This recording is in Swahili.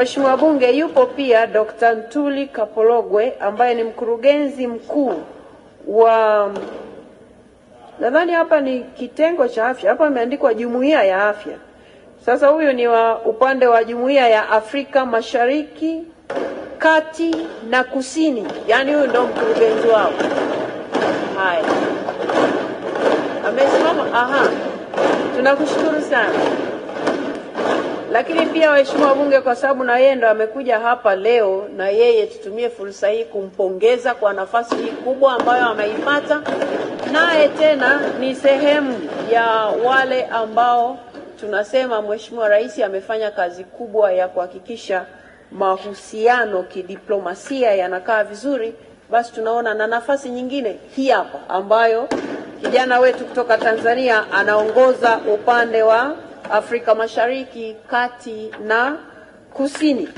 Mheshimiwa Bunge, yupo pia Dr. Ntuli Kapologwe ambaye ni mkurugenzi mkuu wa nadhani hapa ni kitengo cha afya, hapa imeandikwa jumuiya ya afya. Sasa huyu ni wa upande wa jumuiya ya Afrika Mashariki, Kati na Kusini, yaani huyu ndio mkurugenzi wao. Haya, amesimama. Aha, tunakushukuru sana. Lakini pia waheshimiwa wabunge, kwa sababu na yeye ndo amekuja hapa leo, na yeye tutumie fursa hii kumpongeza kwa nafasi hii kubwa ambayo ameipata, naye tena ni sehemu ya wale ambao tunasema Mheshimiwa Rais amefanya kazi kubwa ya kuhakikisha mahusiano kidiplomasia yanakaa vizuri, basi tunaona na nafasi nyingine hii hapa ambayo kijana wetu kutoka Tanzania anaongoza upande wa Afrika Mashariki, Kati na Kusini.